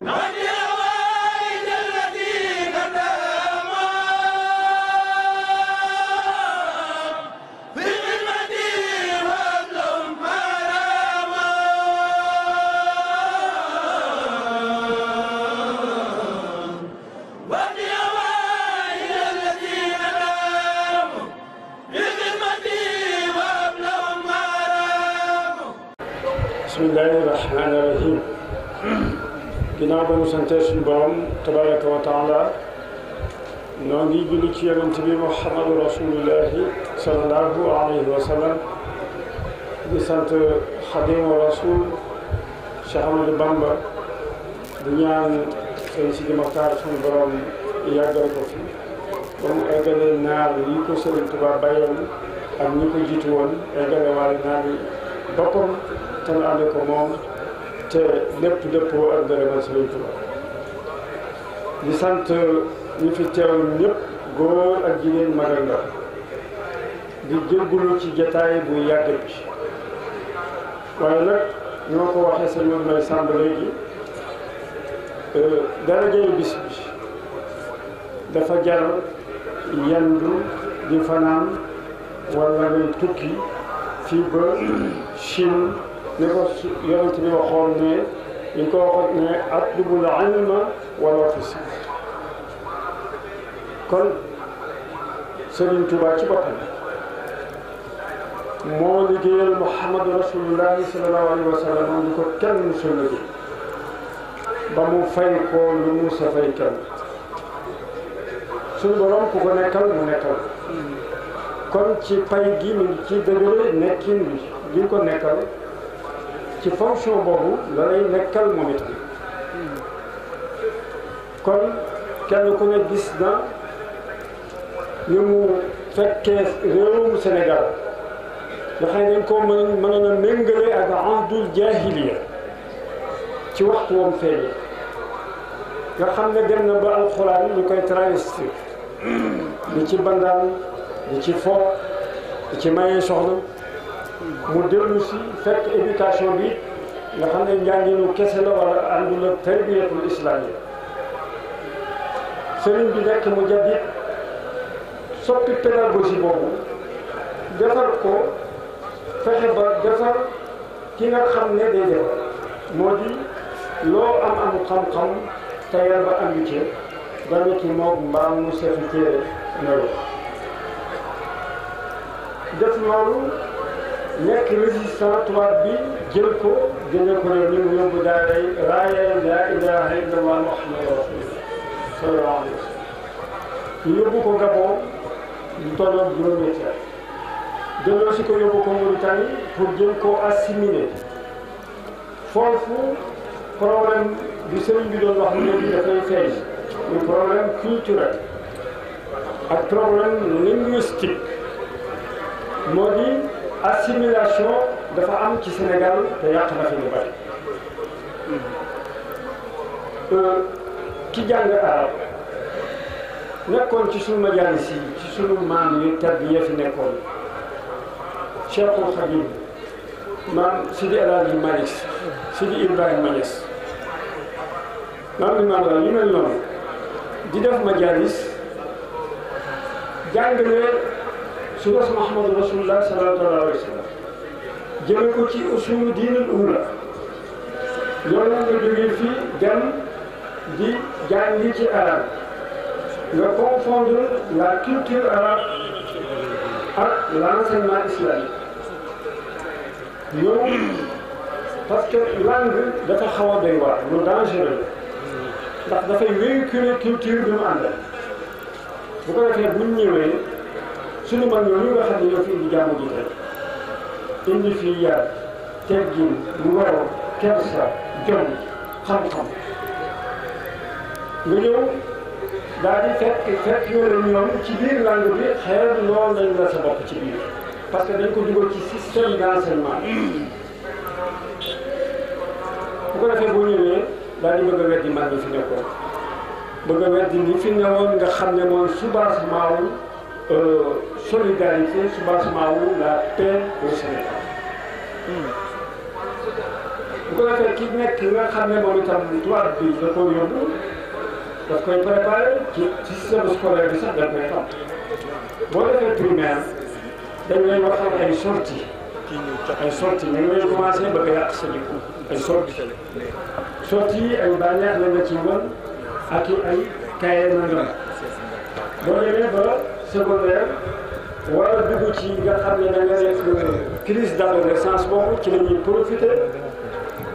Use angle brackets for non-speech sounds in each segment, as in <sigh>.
Навек! wa taala noo ngi julli ci yonent bi muhammadu rasulillahi sallallahu alayhi wa di sant xadimu rasul Cheikh Amadou Bamba di ñaan seen si dimakaar suñu borom yàggal ko fi ba mu eggalee naar yi ko Sëriñ Tuubaa bayoon ak ñi ko jiitu woon eggale waale naar yi boppam te nu ko moom te lépp dëppoo ak gërëmal Sëriñ Tuubaa di sant ñu fi teew ñëpp góor ak jigéen mag ak di jéggulu ci jataay bu yàgg bi waaye nag ñoo ko waxee sa ñoom may sàmb léegi euh, darajay bis bi dafa jar yendu di fanaan wala ngay tukki fii ba Chine ni ko yonent bi waxoon ne ñu ko waxoon ne atlubul ilma wala fisi kon Serigne Touba ci boppam moo liggéeyal Muhammadu Rasulullahi sallallahu alayhi wa ko kenn mu sonn ba mu fay ko lu mu sa fay kenn suñu borom ku ko nekkal mu nekkal kon ci pay gi mi ci dëgëre nekkin bi gi ko nekkal ci fonction boobu la lay nekkal moom itam kon kenn ku ne gis na ni mu fekkee réewum Sénégal nga xam ne dañ koo mën mënoon a méngale ak ahdul jahiliya ci waxtu woom feeñee nga xam ne dem na ba alxuraan ñu koy travestir di ci bandaan di ci fo di ci mayee soxla mu dellu si fekk éducation bi nga xam ne njànginu kese la wala àndul ak tarbiyatul islamiyya sëriñ bi nekk mu jadit soppi pédagogie boobu defar ko fexe ba defar ki nga xam ne day def moo di loo am am xam-xam tayal ba am ci dana ci moog mbaam mu sefi téere nawe def loolu nekk résistant tubaab bi jël ko jëlee ko ne ñu yóbbu daaray raaya laa ilaaha illallah muhammadu rasulullah sallallahu alayhi wa sallam ñu yóbbu ko Gabon lu tolloon juróom-ñetti at delloo si ko yóbbu ko pour jëm koo assimiler foofu problème bi sëriñ bi doon wax léegi dafay feeñ muy problème culturel ak problème linguistique Modi, assimilation dafa am ci Sénégal te yàq na fi ñu bari euh, ki jàng arab nekkoon ci sunu majaalis yi ci sunu maam yu tedd fi nekkoon Cheikhul Khadim maam Sidi El Hadji Malick Sidi Ibrahima Niass maam imaam la ñu mel di def majaalis jàngale su bas Muhammadu Rasulullah sallallahu alayhi wa sallam ci usulu diinul ula loolu nga jógee fii dem di jàngi ci arab nga confondre la culture arabe ak l'enseignement islamique ñoom parce que langue dafa xaw a doy waar lu dangereux culture bi mu àndal bu ko defee buñ ñëwee suñu mag ñooñu nga xam ne ñoo fi indi jàmm tey indi fii teggin ngor kersa jom xam-xam nga daal di fekk fekk yooyu ñoom ci biir langue xeer lool nañ la sa bopp ci biir parce que dañ ko dugal ci système d'enseignement bu ko defee boo ñëwee daal di bëgg a weddi mag ñi fi nekkoon bëgg a weddi fi newoon nga xam ne mooy soubassement wu euh, solidarité soubassement wu la paix au Sénégal bu ko defee ki nekk nga xam ne moom itam tubaab bi da koo yóbbu daf koy préparé ci ci système scolaire bi sax dañ koy xam boo defee primaire dañ leen waxal ay sorties ay sorties ñu ngi leen commencé bëgg a ay sorties sorties yi ay bànneex la nga ci woon ak i ay kaye na nga boo demee ba secondaire wala dugg ci nga xam ne da nga nekk crise d'adolescence boobu ci la ñuy profité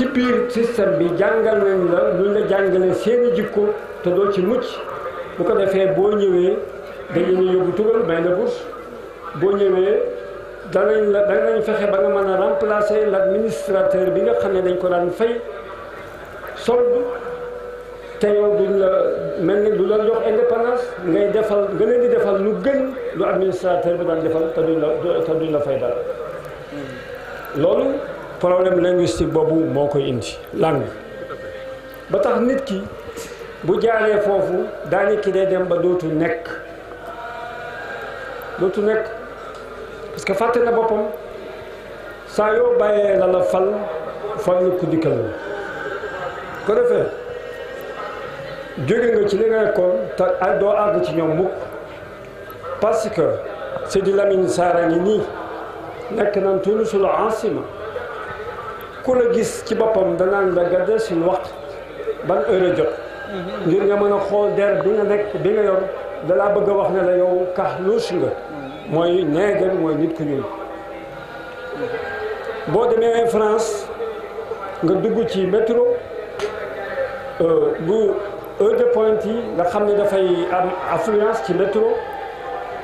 ci biir système bi jàngal nañ la luñ la jàngalee seeni jikko te doo ci mucc bu ko defee boo ñëwee dañu ñu yóbbu tugal may nga bourse boo ñëwee danañ la danañ fexe ba nga mën a remplacer l'administrateur bi nga xam ne dañ ko daan fay solde te yow duñ la mel ni du la jox indépendance ngay defal nga leen di defal lu gën lu administrateur bi daan defal te duñ la te duñu la fay dal hmm. loolu problème linguistique boobu moo koy indi langue ba tax nit ki bu jaaree foofu daanit ki day dem ba dootu nekk dootu nekk parce que fàtte na boppam saa yoo bàyyee la la fal fal lu ko dikkal la ko defee jóge nga ci li nga nekkoon te doo àgg ci ñoom mukk parce que Sidi Lamine Saara ngi nii nekk nan Tuunisul asima ku la gis ci boppam danaan la gàdde suñu waxtu ban heure a jot ngir nga mën a xool der bi nga nekk bi nga yor dalaa bëgg a wax ne la yow kax luus nga mooy neegal mooy nit ku ñuul boo demee France nga dugg ci métro euh, bu heure de pointe yi nga xam ne dafay am affluence ci métro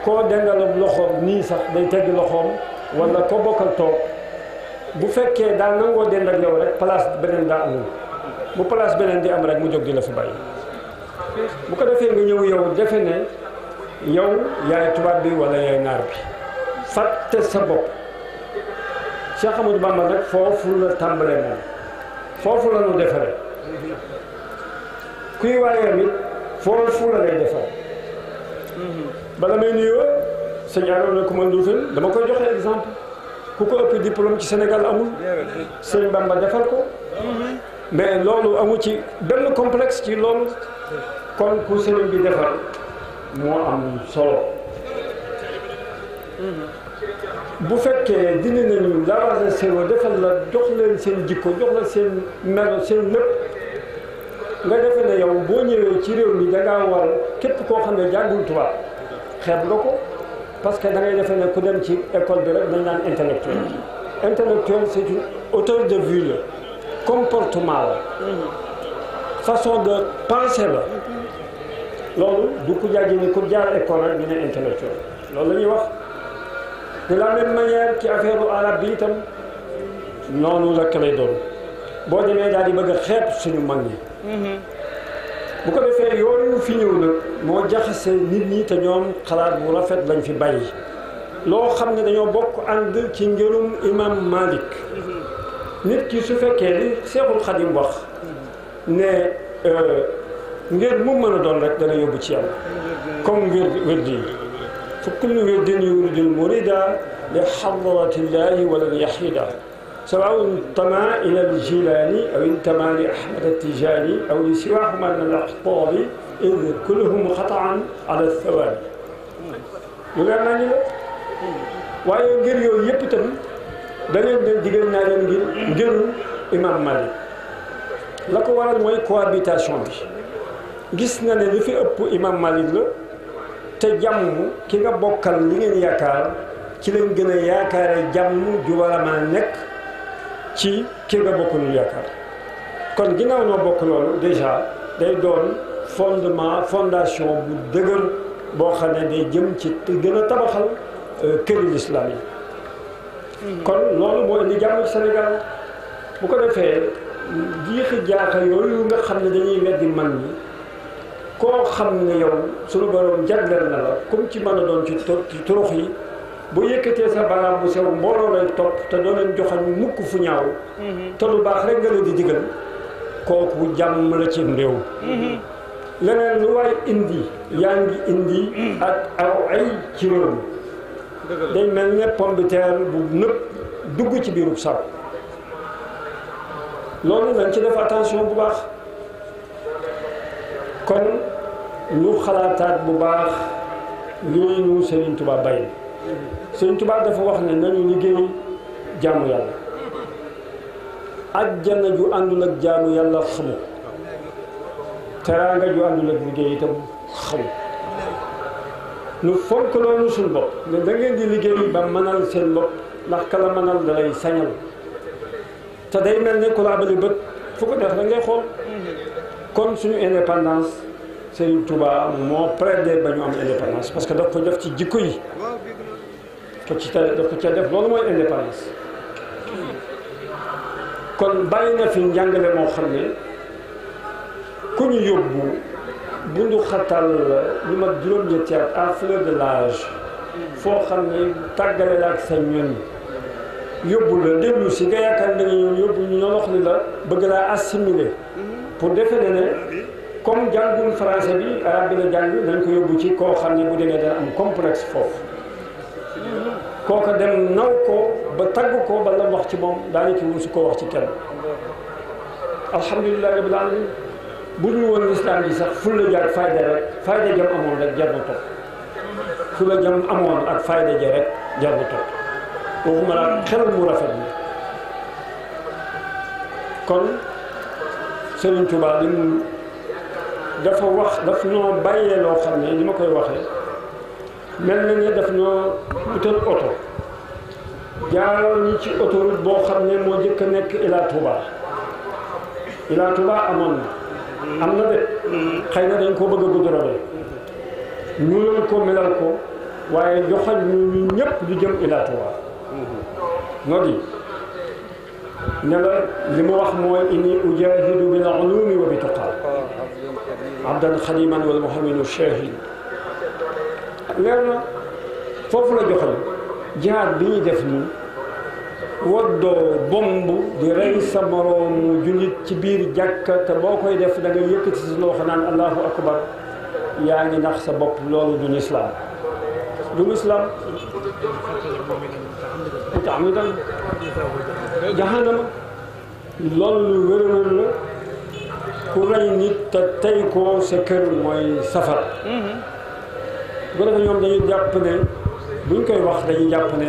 koo dendalam loxoom nii sax day tegg loxoom wala ko bokkal toog bu fekkee daa nangoo dend ak yow rek place beneen daa amul bu place beneen di am rek mu jóg di la fi bàyyi bu ko defee nga ñëw yow defe ne yow yaay tubaab bi wala yaay naar bi fàtte sa bopp Cheikh Amadou Bamba nag foofu la tàmbalee moom foofu la ñu defare kuy waayam it foofu la lay defare mhm. bala may nuyoo sëñ Arouna Coumba Ndoffène dama koy joxe exemple ku ko ëpp diplôme ci senegal amul Sëriñ Bamba defar ko mais loolu amu ci benn complexe ci loolu kon ku sëriñ bi defal moo am solo bu fekkee dindi nañu lavage cerveau defal la jox leen seen jikko jox la seen melo seen lépp nga defe na yow boo ñëwee ci réew mi da ngaa war képp koo xam ne jàngul tubaab xeeb nga ko parce que da ngay defee ne ku dem ci école bi rek dañ naan intellectuel intellectuel c' est une hauteur de vue la comportement la façon de penser la loolu du ku jàggi ni ku jaar école rek ñu ne intellectuel loolu la ñuy wax de la même manière ci affaire u arab bi itam noonu la lay doon boo demee daal di bëgg a xeeb suñu mag ñi mm-hmm. bu ko defee yooyu fi ñëw na moo jaxase nit ñi te ñoom xalaat bu rafet lañ fi bàyyi loo xam ne dañoo bokk ànd ci ngërum imam Malik nit ki su fekkee li Seexul Xadim wax ne ngir mu mën a doon rek dana yóbbu ci yàlla comme ngir wérdi yi fa kullu wirdin yuridul murida li xadratillahi wala li yaxida سواء انتمى الى الجيلاني او انتمى لاحمد التجاني او لسواهما من الاخطار اذ كلهم خطعا على الثواب. وغير ما وايو غير يو يبتم دانيو دان ديغل نادم غير غير امام مالك لاكو ورال موي كوابيتاسيون بي غيسنا ني لو في اوب امام مالك لو تا جام كيغا بوكال لي نين ياكار كي لين غينا ياكار جام جوالا ما نيك ci ki nga bokkulul yaakaar kon ginnaaw ñoo bokk loolu déjà day doon fondement fondation bu dëgër boo xam ne day jëm ci gën a tabaxal euh, këri lislaam yi mm-hmm. kon loolu moo indi jàmm Sénégal bu ko defee jiixi jaaxa yooyu nga xam ne dañuy weddi man ñi koo xam ne yow suñu borom jagleel na la comme ci mën a doon ci turux yi bu yëkkatee sa baaraam bu sew mbooloo topp te doo leen joxal mukk fu ñaaw mm-hmm. te lu baax rek nga leen di digal kooku jàmm la ci réew mm-hmm. leneen lu waay indi yaa ngi indi mm-hmm. ak aw ay ci réew day mel ne pomme bu nëpp dugg ci biiru saw loolu lañ ci def attention bu baax kon ñu xalaataat bu baax yooyu ñu Sëriñ Tuubaa bay Sëriñ tubaab dafa wax ne nañu liggéey jaamu yàlla ajjana ju àndul ak jaamu yàlla xamu teraanga ju àndul ak liggéey itam xamu nu fonk loolu suñu bopp ne da ngeen di ba mënal seen bopp ndax kala mënal da lay sañal te day mel ne ku la abali bët fu ko def da ngay xool kon suñu indépendance Sëriñ Tuubaa moo prédé ba ñu am indépendance parce que daf ko def ci jikko yi te ci te dafa cee def loolu mooy indépendance kon bàyyi na fi njàngale moo xam ne ku ñu yóbbu bundu xatal lu ma juróom-ñetti at à fleur de l'âge foo xam ne tàggale la ak sa ñoñ yóbbu la déglu si nga yaakaar ne ñoom yóbbu ñu ñolox ni la bëgg laa assimiler pour defe ne ne comme jàngul français bi arabe bi la jàng nañ ko yóbbu ci koo xam ne bu demee dana am complexe foofu كوكا دم نوكو بتاغو كو بالا وخش موم داني كي ووسو كو وخش كين الحمد لله رب العالمين بودن وون الاسلام دي صاح فول جار فايده رك فايده جام امون رك جابو توك فول جام امون اك فايده جي رك جابو توك وهم راه خير مو رافد كون سيرن توبا لي دافا وخ دافنو بايي لو خامي ني ماكاي وخه mel na ne daf ñoo utal oto jaaroo ñi ci autoroute boo xam ne moo jëkk a nekk Ila Touba Ila Touba amoon na am na de xëy na dañ ko bëgg a goudronné ñu loolu ko melal ko waaye joxal ñu ñu ñëpp ñu jëm Ila Touba noo di ne la li mu wax mooy inni ujahidu bil ulumi wa bi taqwa abdan xadiman wal muhaminu shahid لأن فوف لا جهاد جهاد بيني دفني ودو بومبو دي ري سمروم جوليت تي بير جاك تا بوكاي ديف داغي ييكتي سي لو خنان الله اكبر يعني نخ سا بوب لولو دون اسلام دون اسلام تعمدا جهنم لول ويرمل كوراي نيت تاي كو سكر موي سفر bu ko defee ñoom dañuy jàpp ne buñ koy wax dañuy jàpp ne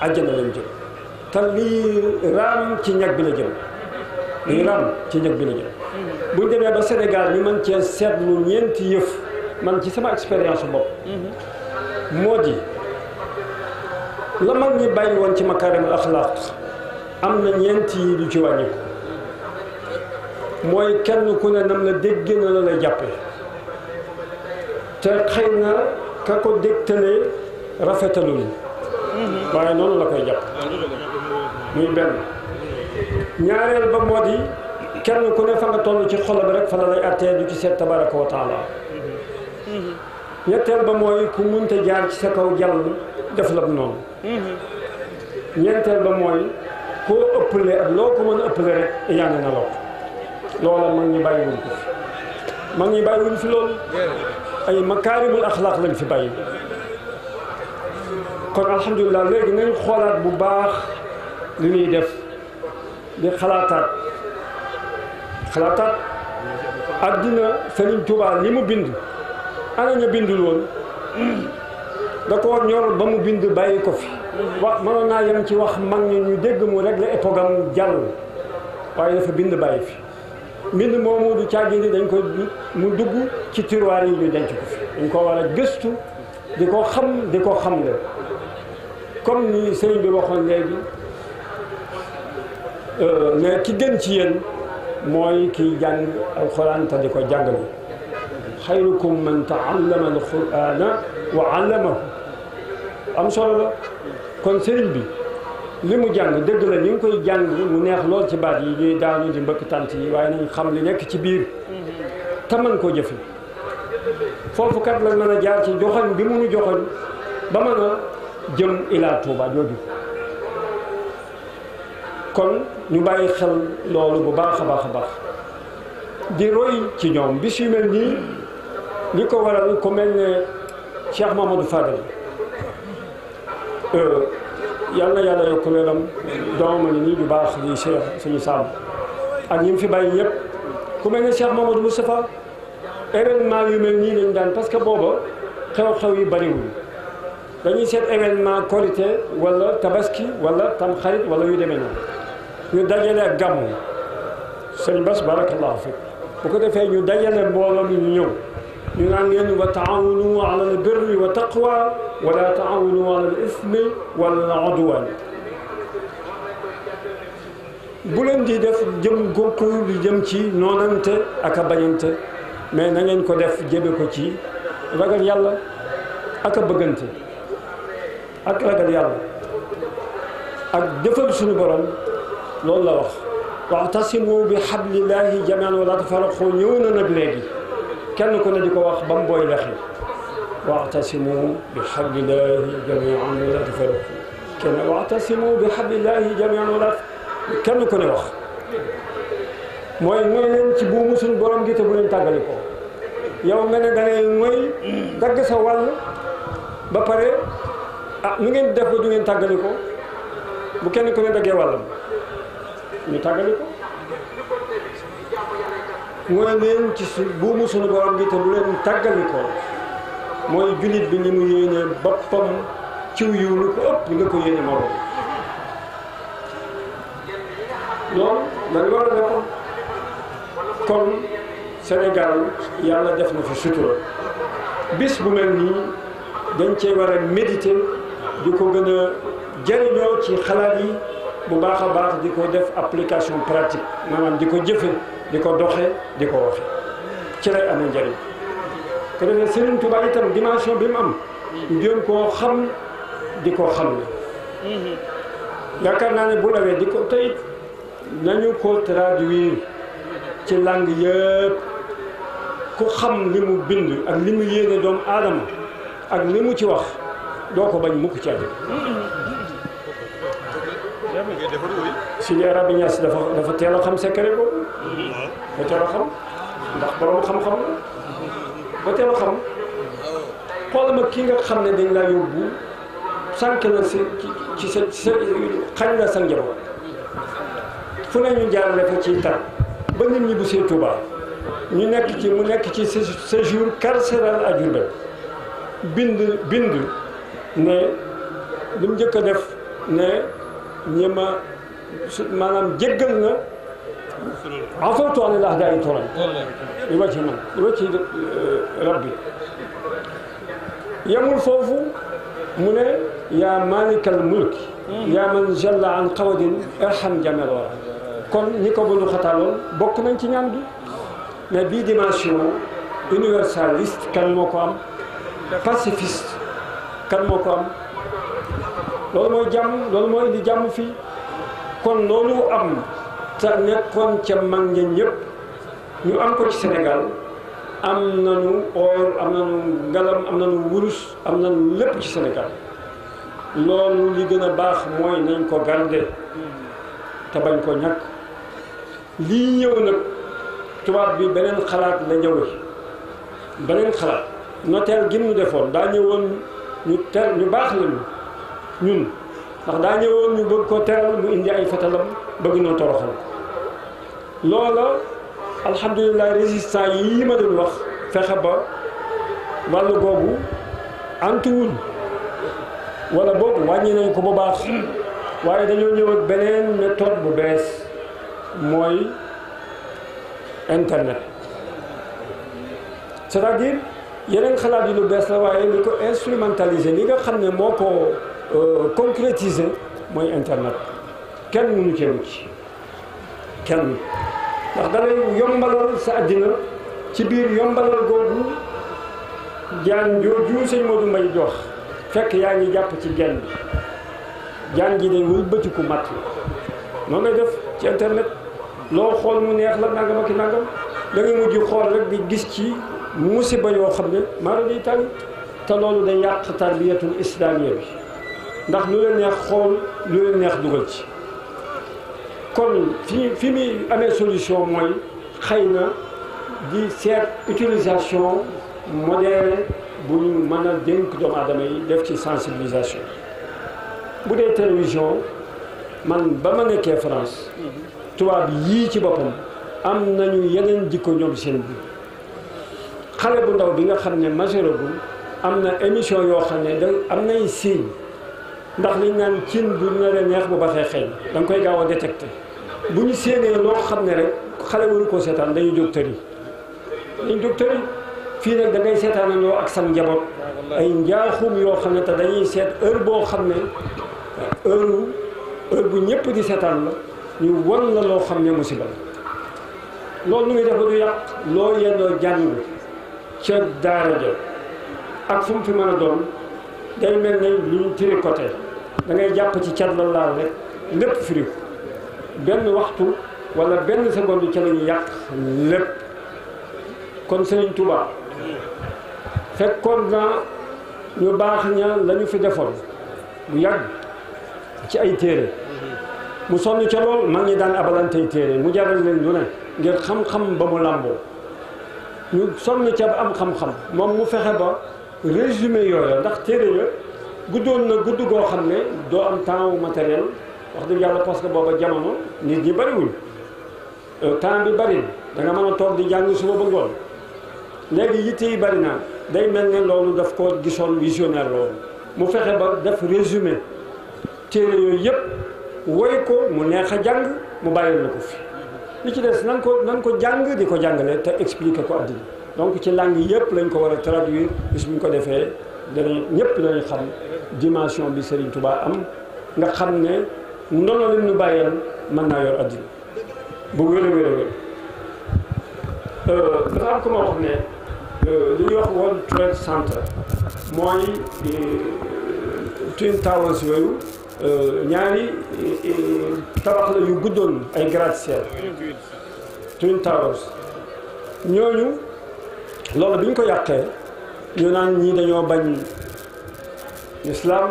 àjjana lañ jëm te lii raam ci ñag bi la jëm ci ñag buñ demee ba senegaal ñu mën cee seetlu ñeenti yëf man ci sama expérience bopp moo di la mag ñi bàyyi woon ci ma makaarimul axlaaq am na ñeenti yi du ci wàññi mooy kenn ku ne nam la dégg na la lay jàppe te xëy na ka ko dégtalee rafetalul waaye noonu la koy jàpp muy benn ñaareel ba moo di kenn ku ne fa nga ci xolam rek fa la lay attee du ci seet tabaraka wa ñetteel ba mooy ku munte jaar ci sa kaw jàll def la noonu ñeenteel ba mooy koo ëppale ak loo mën a ëppale rek yaane na loo loola mag ñi bàyyiwuñ ko mag ñi bàyyiwuñ fi loolu أي مكارم الأخلاق لن في باي كون الحمد لله لك من خلات بباخ لن يدف دي خلاتات خلاتات أدنى فنين توبا لمو أنا نيو لون دكور نيور بمو بند باي كوفي وقت مانونا يمتي وخ مان نيو ديگمو رجل إبوغم جل وعيدة في بند باي فيه mbind moomu du càggi ni dañ koy mu dugg ci tiroir yi ñu denc ko fi dañ koo war a gëstu di ko xam di ko xam le comme ni sëriñ bi waxoon léegi euh, mais ki gën ci yéen mooy kii jàng alxuraan te di ko jàngale xayrukum man taallama alxuraana wa allamahu am solo la kon sëriñ bi li mu jàng dëgg la ñu ngi koy jàng mu neex lool ci baat yi di daanu di mbëkk tant yi waaye nañ xam li nekk ci biir te mën koo jëf foofu kat la mën a jaar ci joxoñ bi mu nu joxoñ ba mën a jëm ilaa Touba jooju kon ñu bàyyi xel loolu bu baax a baax a baax di roy ci ñoom bis yu mel nii li ko waral ku mel ne Cheikh Mamadou Fadal euh, يالنا يالا يكونيلم دومن ني بي باخ لي شيخ سيني سام اك نيم في باي ييب كومي ني شيخ محمد مصطفى ايرن ما يي مل ني نين دان باسكو بوبا خاو خاو يي باري وول دا ني سيت ما كواليتي ولا تابسكي ولا تام خريط ولا يي ديمينا ني داجيلا غامو سيني باس بارك الله فيك بوكو دافاي ني داجيلا مبولم ني ñu naan ngeen wa taawanu ala al birri wa taqwa wala taawanu ala al ismi bu leen di def jëm gokku lu jëm ci noonante ak a bañante mais na ko def jëme ko ci ragal yàlla ak a bëggante ak ragal yàlla ak defal suñu borom loolu la wax waxtasimu bi xablillahi jamian wala tafaraqu ñëw na nag léegi kenn ku ne di ko wax ba mu booy lex yi waxtasimu bi xablillahi jamian wala tafarraqu kenn waxtasimu bi xablillahi jamian wala kenn ku ne wax mooy mooy leen ci buumu suñu borom gi te bu leen tàggali ko yow nga ne da ngay mooy dagg sa wàll ba pare ah nu ngeen def ba du ngeen tàggali ko bu kenn ku ne daggee wàllam ñu tàggali ko wane leen ci su buumu sunu borom bi te du leen tàggalikoo mooy jullit bi ni mu yéene boppam ciw yiw lu ko ëpp nga ko yéene morom loolu dañ war a defoon kon Sénégal yàlla def na fi sutura bis bu mel nii dañ cee war a méditer di ko gën a jëriñoo ci xalaat yi bu baax a baax di ko def application pratique maanaam di ko jëfe di ko doxe di ko waxe ci lay amee njariñ ko defee Serigne Touba itam dimension bi mu am ngeen koo xam di ko xam ne yaakaar naa ne bu lawee di ko tey nañu ko traduire ci langue yëpp ku xam li mu bind ak li mu yéene doomu aadama ak li mu ci wax doo ko bañ mukk ci àddina Sidi Arabi Niass dafa dafa teel a xam secret boobu ba teel a xam ndax borom xam-xam ba teel a xam xool ma kii nga xam ne dañ laa yóbbu sànq la si ci sa sa xañ na sa njaboot fu ne ñu jaarale fa ci tar ba nit ñi bu ñu nekk ci mu nekk ci séjour carcéral à Diourbel bind bind ne li mu njëkk a def ne ñema maanaam jéggal na afawtu an il ahdaa in toran li wajhi man li wajhi rabbi yamul foofu mu ne yaa maalikal mulki yaa man jalla an qawadin irham jamel wara kon ñi ko bunu xataaloon bokk nañ ci ñaan bi mais bii dimension universaliste kan moo ko am pacifiste kan moo ko am loolu mooy jàmm loolu mooy indi jàmm fii kon loolu am te nekkoon ca mag ña yépp ñu am ko ci Sénégal am nañu or am nañu ngalam am nañu wurus am nañu lépp ci Sénégal loolu li gën a baax mooy nañ ko garder te bañ ko ñàkk lii ñëw nag tubaab bi beneen xalaat la ñëwee beneen xalaat noteel gi mu defoon daa ñëwoon ñu teel ñu baax lañu ñun ndax daa ñëwoon ñu bëgg ko teral mu indi ay fetalam bëgg na toroxal loola alhamdulilah résistants yii ma doon wax fexe ba wàll googu antuwul wala boobu wàññi nañ ko bu baax waaye dañoo ñëw ak beneen méthode bu bees mooy internet c'est-à-dire yeneen xalaat yi lu bees la waaye li ko instrumentaliser li nga xam ne moo ko Euh, concrétiser mooy internet kenn mënu cee mucc kenn ndax dalay yombalal sa àddina ci biir yombalal googu jaan jooju sëñ Modou Mbaye jox fekk yaa ngi jàpp ci genn bi jaan ji day wëlbatiku matt la noonu def ci internet loo xool mu neex la nangam ak nangam da ngay mujj xool rek di gis ci musiba yoo xam ne maanaam day tànn te loolu day yàq tarbiyatul islaamiya bi ndax lu leen neex xool lu leen neex dugal ci kon fi fi muy amee solution mooy xëy na di seet utilisation modérée bu ñu mën a dénk doomu aadama yi def ci sensibilisation bu dee télévision man ba ma nekkee France tubaab yii ci boppam am nañu yeneen jikko ñoom seen bi xale bu ndaw bi nga xam ne majeur am na émission yoo xam ne da am nay signe ndax liñ naan cin bu nar neex bu baxee xeeñ da nga koy gaaw a détecté bu ñu séenee loo xam ne rek xale waru koo seetaan dañuy jóg yi liñ jóg tëri fii nag da ngay seetaan ñoo ak san njaboot ay njaaxum yoo xam ne te dañuy seet heure boo xam ne heure heure bu ñëpp di seetaan la ñu wan na loo xam ne musiba la loolu nu muy def ba du yàq loo yendoo jàng ca daara ja ak fu mu fi mën a doon day mel ne lu ñu tiri côté da jàpp ci cat la laal rek lépp firiw benn waxtu wala benn seconde ca la yàq lépp kon Sëriñ Tuubaa fekkoon na ñu baax ña lañu fi defoon bu yàgg ci ay téere mu sonn ca lool mag ñi daan abalantey téere mu jaral leen lu ne ngir xam-xam ba mu làmboo ñu sonn ca ba am xam-xam moom mu fexe ba résumé yooya ndax téere ya guddoon na gudd goo xam ne doo am temps wu matériel wax dëgg yàlla parce que booba jamono nit ñi bariwul euh, temps bi bari da nga mën a toog di jàng suba ba ngoon léegi yitte yi bari naa day mel ne loolu daf ko gisoon visionnaire loolu mu fexe ba def résumé téere yooyu yëpp woy ko mu neex a jàng mu bàyyi na ko fi li ci des nan ko nan ko jàng di ko jàngale te expliqué ko addina donc ci langue yëpp lañ ko war a traduire bis bu ñu ko defee dana ñëpp danañ xam dimension bi seriñ Touba am nga xam ne ndono lim ñu bàyyeel mën naa yor addina bu wér a wér a wér euh, ma wax ne euh, li ñuy wax World Trade Center mooy euh, Twin Towers yooyu ñaari tabax la yu guddoon ay gratte-ciel Twin Towers ñooñu loolu bi ñu ko yàqee ñu naan ñii dañoo bañ lislaam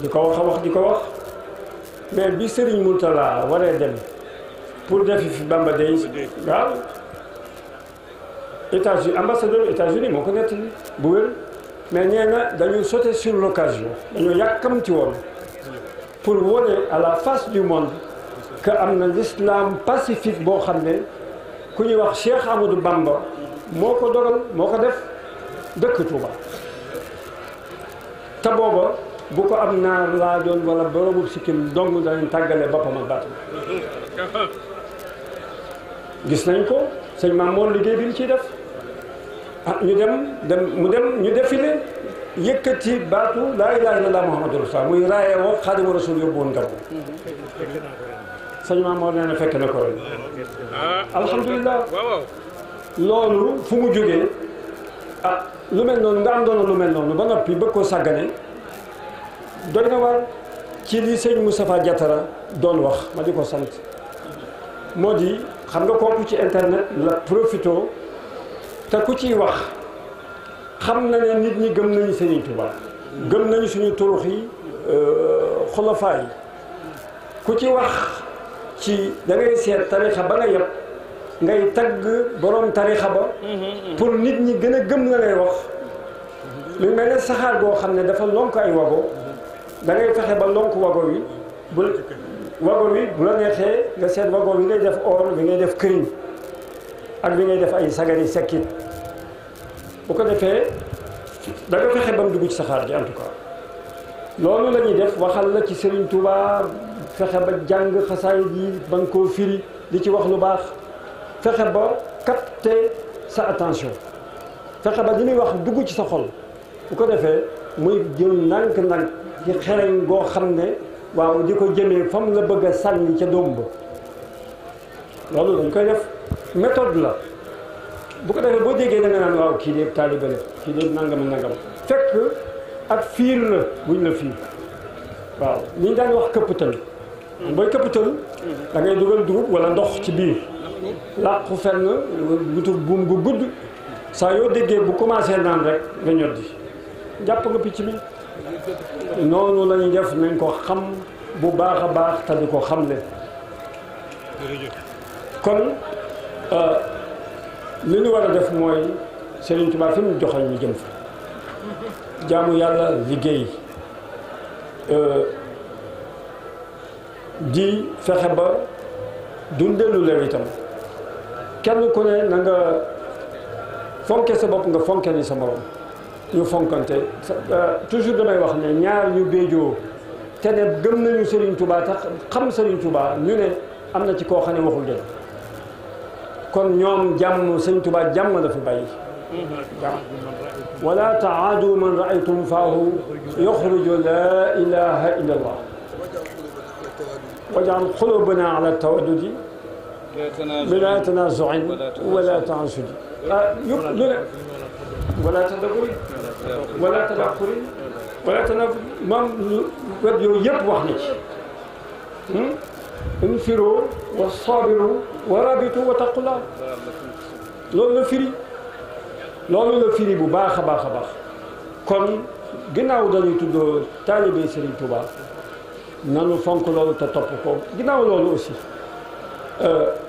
di ko wax a wax di ko wax mais bi Serigne Mourtala waree dem pour def fi Bamba Day waaw États-Unis ambassadeur États-Unis moo ko nettali bu wér mais nee na dañu sauté sur l'occasion dañoo yàkkamti woon pour wane à la face du monde que am na l'islam pacifique boo xam ne ku ñuy wax Cheikh Amadou Bamba moo ko dogal moo ko def dëkk Touba te booba bu ko am naa laajoon wala borobu sikkim dong danañ tàggale boppam ak baatam gis nañ ko sëñ maam moon liggéey bi li ciy def ah ñu dem dem mu dem ñu défilé yëkkati baatu laa ilaaha illallaah muhammadu rasuulullaah muy raayee woo xaadimu rasuul yóbbu woon maam moon nee na fekk na ko ren ah, loolu fu mu jógee ah lu mel noonu nga am doon lu mel noonu ba noppi bëgg koo sàggane doy na ci li sëñ Moustapha Diatara doon wax ma di ko sant moo di xam nga kooku ci internet la profito te ku ciy wax xam na ne nit ñi gëm nañu Sëriñ Tuubaa gëm nañu suñu turux yi euh, xulafaa yi ku ci wax ci da ngay seet tarixa ba nga yëpp ngay tag borom tariixa ba pour nit ñi gën a gëm la lay wax lu mel ne saxaar goo xam ne dafa lonk ay wago da ngay fexe ba lonk wago wi bu wago wi bu la neexee nga seet wago wi ngay def or bi ngay def këriñ ak bi ngay def ay sagari sekkit bu ko defee da nga fexe ba mu dugg ci saxaar gi en tout cas loolu la ñuy def waxal la ci Serigne Touba fexe ba jàng xasaay yi ba nga koo firi di ci wax lu baax fexe ba capter sa attention fexe ba li muy wax dugg ci sa xol bu ko defee muy jël ndànk-ndànk ci xereñ goo xam ne waaw di ko jëmee fam la bëgg a sànni ca doom ba loolu dañ koy def méthode la bu ko defee boo déggee da nga naan waaw kii de taalibe la kii de nangam nangam fekk ak fiir la buñ la fiir waaw li ñu daan wax këppatal booy këppatal da ngay dugal dugub wala ndox ci biir làqu fenn wutub buum bu gudd saa yoo déggee bu commencé naan rek nga ñoddi jàpp nga picc mi noonu lañu def nañ ko xam bu baax a baax te di ko xam le kon euh, li ñu war a def mooy Serigne Touba fi mu joxoñ ñu jëm fa jaamu yàlla liggéey euh, di fexe ba dunde lu lew kenn ku ne na nga fonke sa bopp nga fonke ni sa morom ñu fonkante toujours damay wax ne ñaar ñu béejoo te ne gëm nañu Serigne Touba tax xam Serigne Touba ñu ne am na ci koo xam ne waxul dëgg kon ñoom jàmm Serigne Touba jàmm la fi bàyyi wala taadu man raaytum faahu yuxruju la ilaha illa allah wajal xulubana ala tawadudi بلا تنازع ولا تعصب آه، يقبل ولا تدبر ولا تدبر ولا تنافر ما قد يطوحنا انفروا وصابروا ورابطوا وتقلع لولو فري لولو فري بو باخ باخ باخ كون غيناو دالي تودو طالبي سيري توبا نانو فانكو لولو تطوبو غيناو لولو اوسي euh,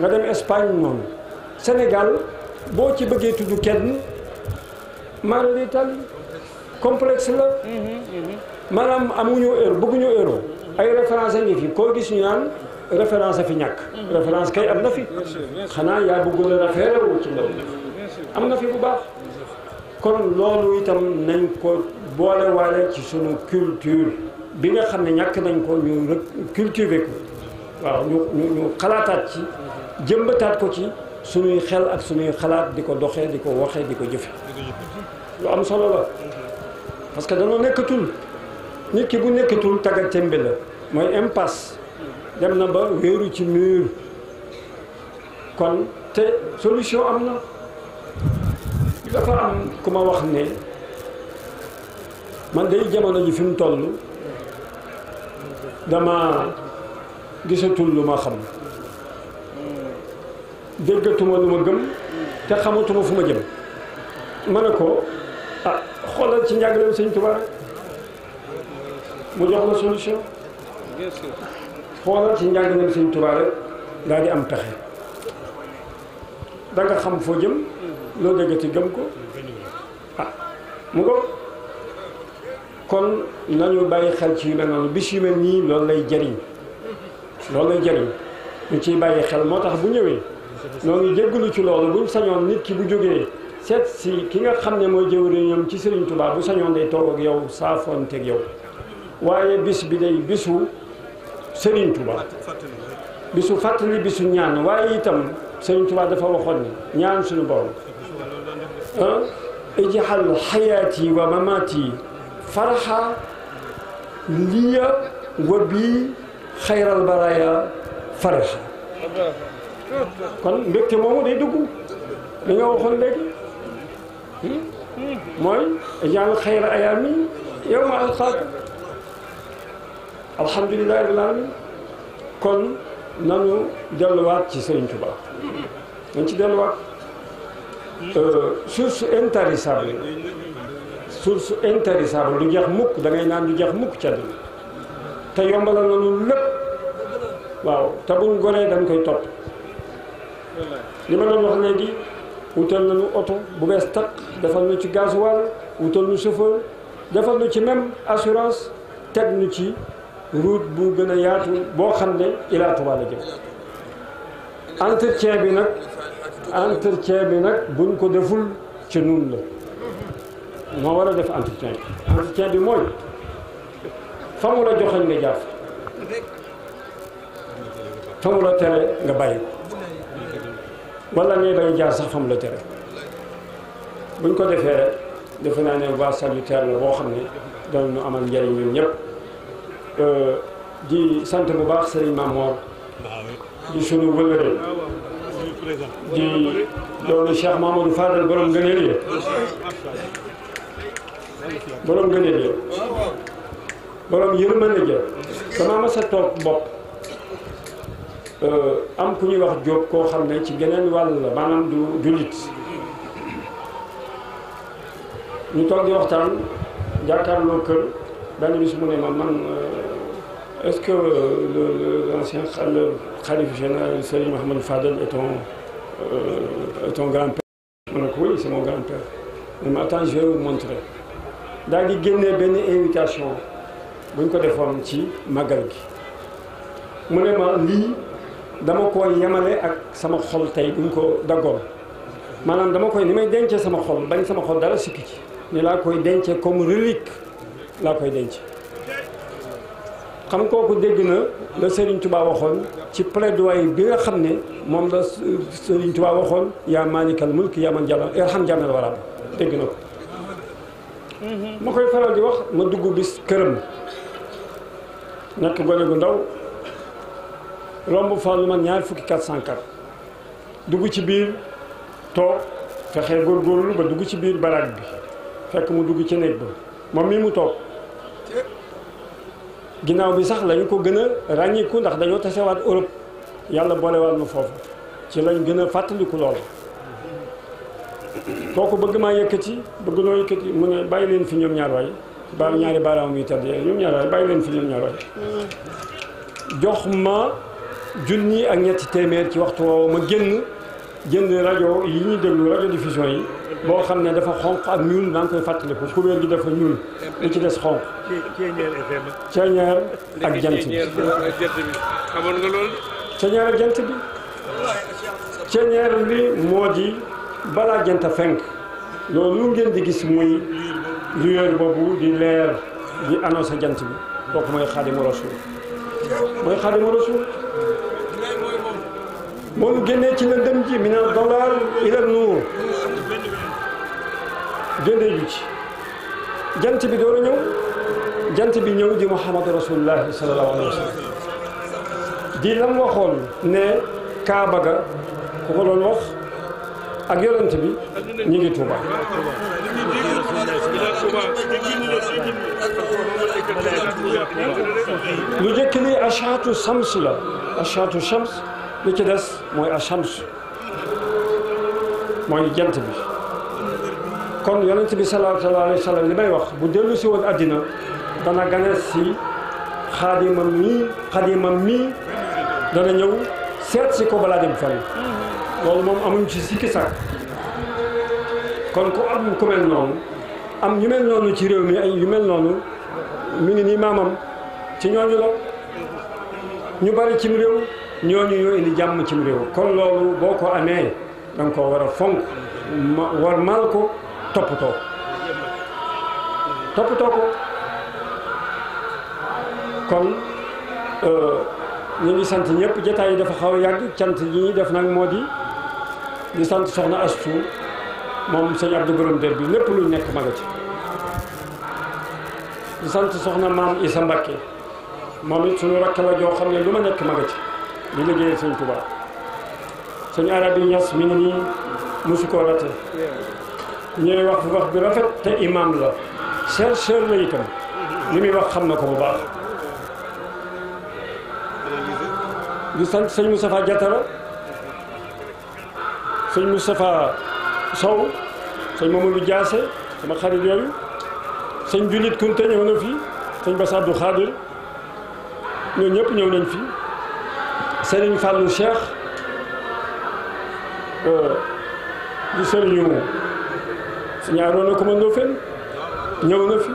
nga dem Espagne noonu Sénégal boo ci bëggee tudd kenn maanaam l'Italie complexe la. maanaam amuñu euro bëgguñu euro ay référence a ngi fi koo gis ñu naan référence a fi ñàkk. référence kay am na fi. xanaa am na fi bu baax. kon loolu itam nañ ko boole waale ci sunu culture bi nga xam ne ñàkk nañ ko ñu cultiver ko waaw ñu ñu ñu xalaataat ci. jëmbataat ko ci suñuy xel ak suñuy xalaat di ko doxee di ko waxee di ko jëfe lu am solo la parce que dañoo nekkatul nit ki bu nekkatul taggat tembe la mooy impasse dem na ba wéeru ci mur kon te solution am na dafa am ku ma wax ne man day jamono ji fi mu toll dama gisatul lu ma xam déggatuma lu ma gëm te xamatuma fu ma jëm ma ne ko ah xoolal ci njàngaleem sëñ Tuubaa mu jox la solution xoolal ci njàngaleem sëñ Tuubaa rek daal di am pexe da nga xam foo jëm loo déggati gëm ko ah mu ko kon nañu bàyyi xel ci yu mel noonu bis yu mel nii loolu lay jariñ loolu lay jariñ ñu ciy bàyyi xel moo tax bu ñëwee نعم جعلوا تلوه بون سانيون نيت كي بيجوجي سات سي كينا خامنئ موي جوريوم كيسرين تبا بون سانيون ده توه جيو سافون تجيو واي بيس بيداي بيسو سرين تبا بيسو فاتني بيسو نيان واي يتم سرين تبا دفع وخدني نيان سنو بوم اجعل حياتي ومماتي فرحة ليا وبي خير البرايا فرحة kon mbégte moomu day dugg li nga waxoon léegi mooy jàng xayra ayaami yow ma alxaaka alhamdulilahi kon nanu delluwaat ci Sëriñ Tuubaa nañ ci delluwaat source intarissable source intarissable lu jeex mukk da ngay naan lu jeex mukk ci àdduna te yombalal nanu lépp waaw te buñ goree dañ koy topp li ma doon wax léegi wutal nañu oto bu bees tàq defal nu ci gasoil wutal nu chauffeur defal nu ci même assurance teg nu ci route bu gën a yaatu boo xam ne Ila Touba la jëm entretien bi nag entretien bi nag buñ ko deful ci nun la moo war a def entretien bi entretien bi mooy fa mu la nga jàpp fa mu la tere nga bàyyi ولا مي باي جار صاح فام لا تير بون كو ديفه رك ديفنا ني وا سالوتير لو خامني دون نو امال جاري نيم نيب ا أه، دي سانت بو باخ سيري مامور دي شنو ولر دي دون شيخ محمود فادل بروم غنيلي بروم غنيلي بروم يرمنجا سما ما سا توك بوب Euh, am ku wax job du est-ce que l'ancien khalife général Serigne Mohamed Fadel est ton euh, ton grand-père oui c'est mon grand-père mais je vais vous montrer daal di invitation ko dama ko yemale ak sama xol tey duñ ko daggoon maanaam dama koy ni may dencee sama xol bañ sama xol dala sikki ci ni laa koy dencee comme relique laa koy denc xam kooku dégg na la Serigne Touba waxoon ci plaidoyer bi nga xam ne moom la Serigne Touba waxoon yaa maalikal mulk yaa man jàllal irham jaamel waraab dégg na ko mm-hmm. ma koy faral di wax ma dugg bis këram nekk gone gu ndaw romb fa lu man ñaar fukki 404 dugg ci biir toog fexe góorgóorlu ba dugg ci biir baraag bi fekk mu dugg ci néeg ba moom mii mu toog ginnaaw bi sax lañu ko gën a ràññiku ndax dañoo tasewaat Europe yàlla boolewaat nu foofu ci lañ gën a fàttaliku lool kooku bëgg maa yëkkati bëgg noo yëkkati mu ne bàyyi leen fi ñoom ñaar waay ba ñaari baaraam yu tedd ñoom ñaar waay bàyyi leen fi ñoom ñaar waay mm. jox ma junni ak ñetti téeméer ci waxtu woowu ma génn jënd rajo yi ñuy déglu rajo diffusion yi boo xam ne dafa xonq ak ñuul maa ngi koy fàttaliku kubéer gi dafa ñuul li ci des xonq ceeñeer ak jant bi xamoon nga jant bi ceeñeer li moo di balaa jant fenk loolu ngeen di gis muy lueur boobu di leer di annoncé jant bi kooku mooy xaadimu rasul mooy xaadimu rasul boo gene génnee ci lëndëm Dolar mina dalaal ila nuur génnee ju ci jant bi door a ñëw bi ñëw di muhammadu rasulullahi sallallahu aleyhi wa sallam di lam waxoon ne kaaba ga ku ko doon wax ak yonent bi ñu ngi Tuuba lu jëkk li achaatu shams la shams li ci des mooy achams mooy jant bi kon yonent bi sallallahu alayhi wa li may wax bu dellu si woon àddina dana gane si xaadimam mii xaadimam mii dana ñëw seet si ko balaa dem fenn loolu moom amuñ ci sikki sàkk kon ku am ku noonu am ñu noonu ci réew mi ay yu noonu mi ngi nii maamam ci ñooñu la ñu bari ci réew ñooñu ñoo indi jàmm ci mu réew kon loolu boo ko amee da nga koo war a fonk war mal ko toppatoo toppatoo ko kon euh, ñu ngi sant ñëpp jotaay yi dafa xaw a yàgg sant yi ñuy def nag moo di di sant soxna Astu moom sëñ Abdou Borom Dër bi lépp lu nekk maga ci sant soxna maam Issa Mbakke moom it suñu rakk la joo xam ne lu ma nekk maga ci di liggéeyal sëñ Tuubaa sëñ Arabi Ñas mi ngi nii mosu koo rate ñooy wax wax bi rafet te imam la chercheur la itam li muy wax xam na ko bu baax di sant sëñ Moustapha Diatara sëñ Moustapha Sow sëñ lu Diassé sama xarit yooyu sëñ Julit Kunte ñëw na fi sëñ Bass Abdou Khadir ñooñu ñëpp ñëw nañ fi Serigne Fallou Cheikh e, di sëriñu suñu aaroon ko ma nga fen ñëw na fi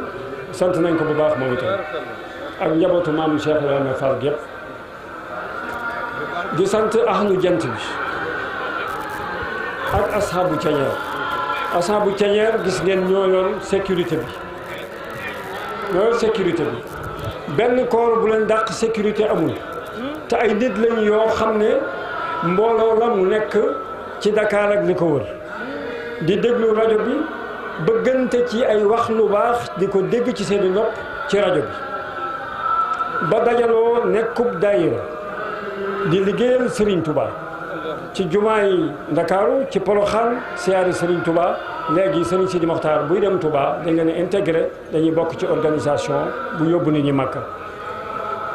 sant nañ ko bu baax moom itam ak njabootu maam Cheikh Ibrahima Fall gépp di sant ahlu jant bi ak asxaabu cañeer asxaabu cañeer gis ngeen ñoo yor sécurité bi ñoo sécurité bi benn koor bu leen dàq sécurité amul te ay nit lañ yoo xam ne mbooloo la mu nekk ci ndakaar ak li ko wër di déglu rajo bi bëggante ci ay wax lu baax di ko dégg ci seeni nopp ci rajo bi ba dajaloo nekkub daayira di liggéeyal Serigne tubaa ci jumaa yi Ndakaaru ci Poroxaan siyaari Serigne tubaa léegi Serigne di Mokhtar buy dem tubaa dañ leen intégré dañuy bokk ci organisation bu yóbbu nit ñi Makka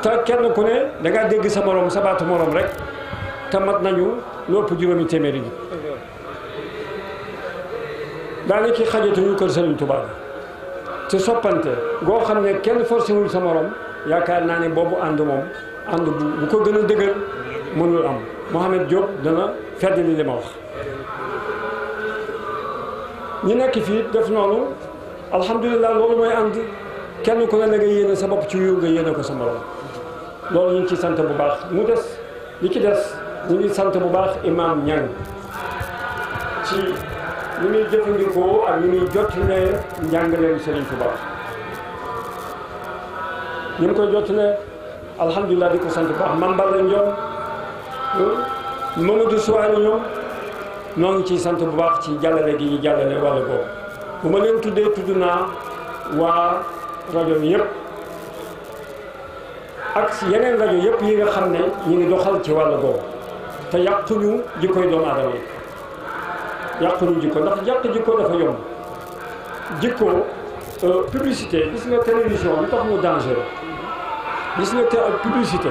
te kenn ku ne da ngaa dégg sa moroom sa baatu moroom rek te mat nañu lu ëpp juróomi téeméeri yi xajatu xajatuñu kër Serigne Touba ci soppante goo xam ne kenn forcé wul sa moroom yaakaar naa ne boobu ànd moom ànd bu bu ko gën a dëgër mënul am Mouhamed Diop dana feddali li ma wax. ñi nekk fii def noonu alhamdulilah loolu mooy ànd kenn ku ne la nga yéene sa ci yiw nga yéene ko sa morom. loolu ñu ngi ci sant bu baax mu des li ci des ñu ngi sant bu baax imam Niang ci ñu muy jëfandikoo ak ñu muy jottalee njàngaleem Serigne Touba ñu ngi koy jottalee alhamdulilah di ko sant bu baax Mame Balla Ndione hmm, Mamadou Souare ñoom noo ngi ciy sant bu baax ci jàllale gi ñu jàllale wàll boobu bu ma leen tuddee tudd naa waa rajo yëpp. ak yeneen rajo yëpp yi nga xam ne ñu ngi doxal ci wàllu boobu te yàquñu jikkoy doomu aadama yi yàquñu jikko ndax yàq jikko dafa yomb jikko euh, publicité gis nga télévision lu tax mu dangereux gis nga te ak euh, publicité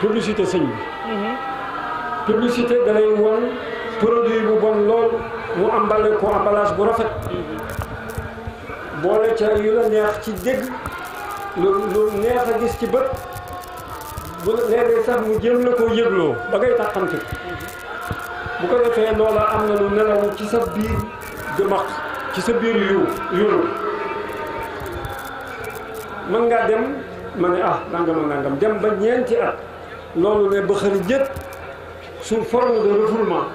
publicité sëñ bi publicité da lay won produit bu bon lool mu emballé ko emballage bu rafet boole ca yu la neex ci dégg lu lu neex a gis ci bët bu léeg-léeg sax mu jéem la yëgloo ba ngay taxamti bu ko defee loola am na lu nelaw ci sa biir gëmaq ci sa biir yu yóru mën ngaa dem ma ne ah nangam ak nangam dem ba ñeenti at loolu ne ba xëri ñëpp sous forme de refoulement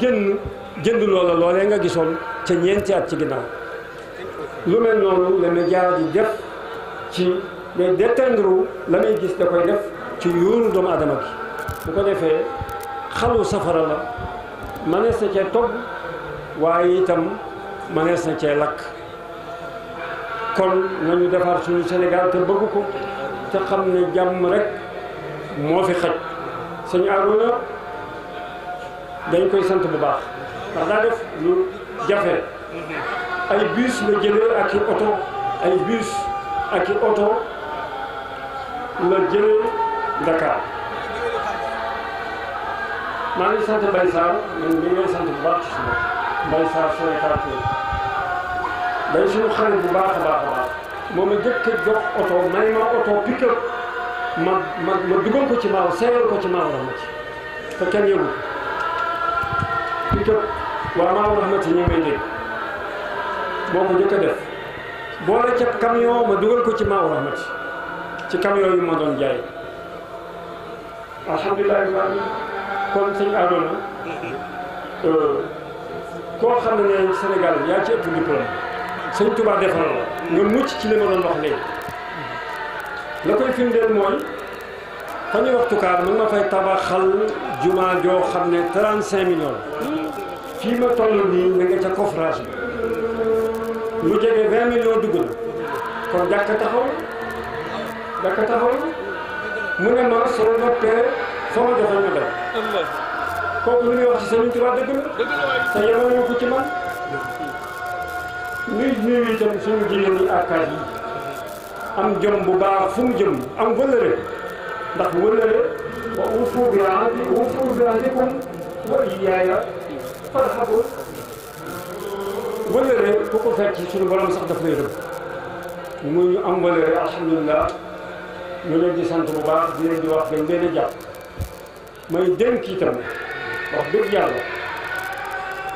génn jënd loola loolee nga gisoon ca ñeenti at ci ginnaaw lu mel noonu la média di def ci day déteindre la muy gis da koy def ci yoonu doomu adama bi bu ko defee xalu safara la mënees na cee togg waaye itam mënees na cee lakk kon nañu defar suñu Sénégal te bëgg ko te xam ne jàmm rek moo fi xaj sëñ Arouna dañ koy sant bu baax ndax daa def lu jafe ay bus la jëlee ak i oto ay bus ak i oto la jëlee Dakar maa ngi sant Mbaye Sarr man mi sant bu baax ci suba Mbaye Sarr suñu kàddu day suñu xarit bu baax baax a baax moom la jëkk a jox oto may ma oto pick-up ma ma ma ko ci maaw seeyal ko ci maaw rahmat te kenn yëgu pick-up waa maaw rahmat yi ñu ngi may jëkk def boole ca camion ma dugal ko ci maaw rahmat ci camion yu ma doon jaay. alhamdulilah maanaam kon sëñ Arouna euh, koo xam ne ne Sénégal yaa ci ëpp diplôme sëñ Touba defal la nga mucc ci li wax léegi la koy firndeel mooy fa ñuy wax Toucar fay tabaxal juma joo xam ne 35 millions fii ma toll nii na ca coffrage bi lu jege 20 dugg na kon jàkka taxaw jàkka taxaw. mu ne ma soo noppee sama jotal ñu dem. kooku lu ñuy wax si Sëriñ Tuubaa dëgg la. te yéen a ngi ci man. ñuy ñuy itam suñu jigéen ñi àkkaat yi. am jom bu baax fu mu jëm am wëllëre ndax wëllëre wa uufu bi ahdi uufu bi ahdikum wa iyyaaya farhabun wëllëre ku ko fekk ci suñu borom sax daf lay def muy am wëllëre alhamdulilah. ñu leen di sant bu baax di leen di wax gën leen a jàpp may dénk itam wax dëgg yàlla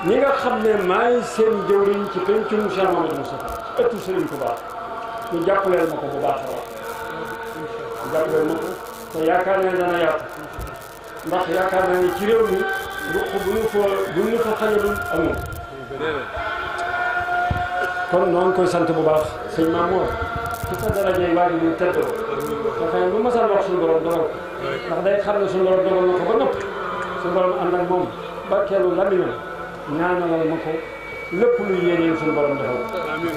ñi nga xam ne maay seen jëwriñ ci pencum Cheikh Mamadou Moustapha ci ëttu Sëriñ Tuubaa ñu jàppaleel ma ko bu baax a baax ñu jàppaleel ma ko te yaakaar yaakaar naa ne ci réew mi ruq bu ñu fa bu ñu fa xajalul amul kon noo ngi koy sant bu baax sëñ Mamour su sa daraja yi waaji ñu tëddoo dafa lu ma sal wax suñu borom dogal ndax day xam ne suñu borom dogal na ko ba noppi suñu borom ànd ak moom barkeelu laminam ñaanalal ma ko lépp lu yéeneen suñu borom defal amin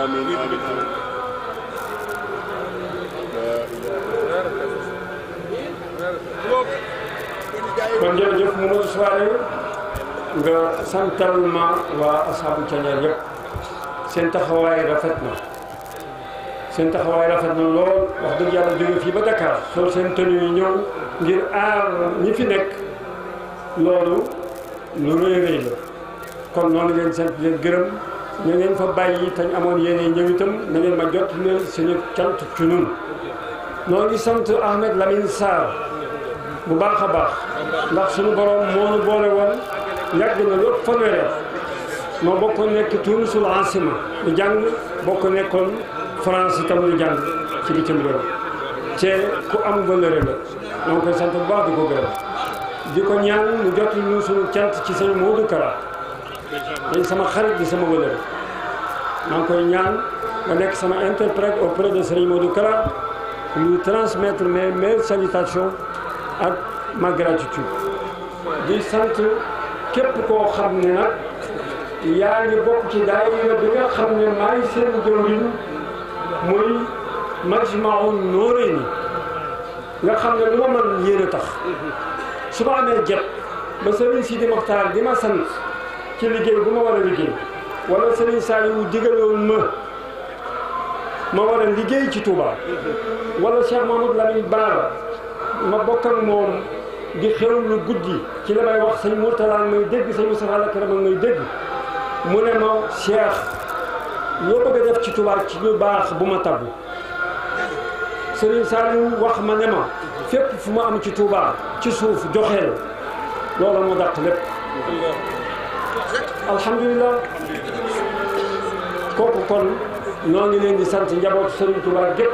amin amin amin kon jërëjëf Mamadou Souare nga santal ma waa asxaabu Thiéniere yëpp seen taxawaay rafet na seen taxawaay rafet na lool wax dëgg yàlla jóge fii ba Dakar sol seen tenue yu ñëw ngir aar ñi fi nekk loolu lu rëy rëy la kon noonu ngeen sant leen gërëm ñu ngeen fa bàyyi tañ amoon yéene ñëw itam ma jot leen suñu cant ci ñun noo ngi sant Ahmed Lamine Sarr bu baax a baax ndax suñu borom moo nu boole woon yàgg na lépp fanweeri ma bokk nekk Tunis sul Asima ñu jàng bokk nekkoon France itam ñu jàng ci bitim réew te ku am valeur la ñoo koy sant bu baax di ko gërëm di ko ñaan mu jot ñu suñu cant ci sëñ Modou Kara dañ sama xarit di sama valeur maa koy ñaan nga nekk sama interprète auprès de sëñ Modou Kara ñu transmettre mes meilleures salutations ak ma gratitude di sant képp koo xam ne nag yaa ngi bokk ci daayira bi nga xam ne maay seen jëwriñ muy Majmahun Nurayni nga xam ne lu ma mën yéen a tax su ma amee jot ba Serigne Sidi Mokhtar di ma sant ci liggéey bu ma war a liggéey wala Serigne wu digaloon ma ma war a liggéey ci Touba wala Cheikh Mamadou Lamine Bara ma bokk ak moom di xewlu guddi ci la may wax sëñ Mourtala may dégg sëñ Moustapha Lakaram may dégg mu ne ma Cheikh loo bëgg a def ci Touba ci lu baax bu ma tabbu Serigne Saliou wax ma ne ma fépp fu ma am ci Touba ci suuf joxeel loola moo dàq lépp alhamdulilah kooku kon noo ngi leen di sant njabootu Serigne Touba gépp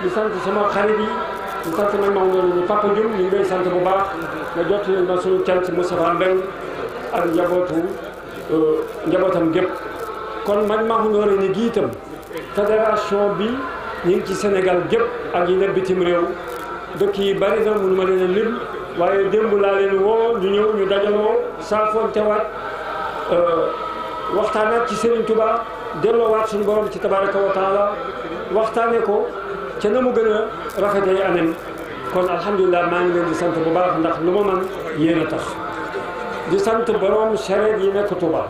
di sant sama xarit yi bu fekkee nag nangu nañu Papa Diouf ñu ngi lay bu baax nga jot leen suñu cant Moustapha Mbeng ak njabootu euh, njabootam gépp kon man maa ngi wane ni gii itam bi ñu ngi ci senegal gépp ak yi ne bitim réew dëkk yi bari na mënu ma leen a lim waaye démb laa leen woo ñu ñëw ñu dajaloo saafoon teewaat euh, waxtaanaat ci Serigne Touba delloowaat suñu borom ci tabaraka wa taala waxtaane ko. كنمو غنا رافتي انم كون الحمد لله ما نغي سانت بو باخ ناخ لومو مان يينا تاخ دي سانت بروم شريد يينا كتوبا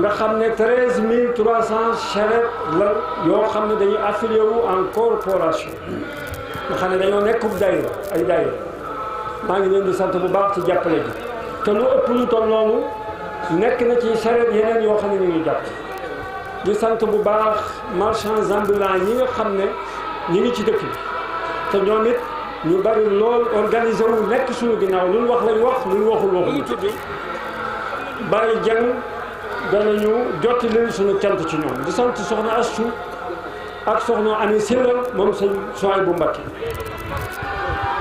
ندا خامني 13300 شريد لو يو خامني داني افليو ان كوربوراسيون ندا خامني دايو نيكوب دايو اي دايو ما نغي ندي سانت بو باخ تي جابلي كنو اوبلو تون لولو نيك نتي شريد يينا يو خامني ني جاب دي سانت بو باخ مارشان زامبلان يي خامني ñi ngi ci dëkk bi te ñoom it ñu bari lool organisé wu nekk suñu ginnaaw lu ñu wax lañ wax lu ñu waxul waxul bari jàng danañu jotti leen suñu cant ci ñoom di sant soxna Astu ak soxna Ami Silla moom sëñ Soay bu Mbakke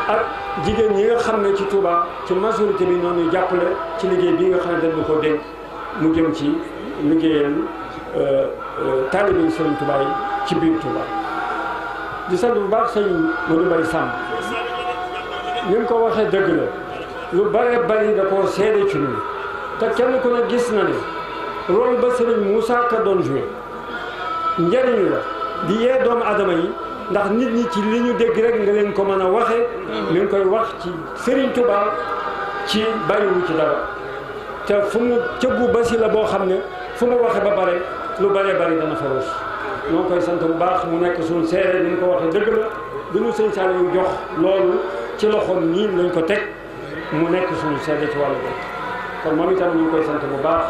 ak jigéen ñi nga xam ne ci tuubaa ci majorité bi noonu jàppale ci liggéey bi nga xam ne dañu ko dénk mu jëm ci liggéeyal euh, euh, taalibe Sëriñ Touba ci biir Touba di sant bu baax sëñ Modou Mbaye Samb ni mu ko waxee dëgg la lu bare bari da koo seede ci ñun te kenn ku ne gis na ne rôle ba sëriñ Moussa Ka doon joué njëriñ la di yee doomu adama yi ndax nit ñi ci li ñu dégg rek nga leen ko mën a waxee mi mm-hmm. koy wax ci sëriñ Touba ci bàyyiwu ci dara te fu mu cëggu basi la boo xam ne fu mu waxee ba bare lu bare bari dana fa ruus ñoo koy sant bu baax mu nekk suñu seere ni ñu ko waxee dëgg la du ñu sëñ Saliou jox loolu ci loxoom nii lañ ko teg mu nekk suñu seere ci wàllu bi kon moom itam ñu ngi koy sant bu baax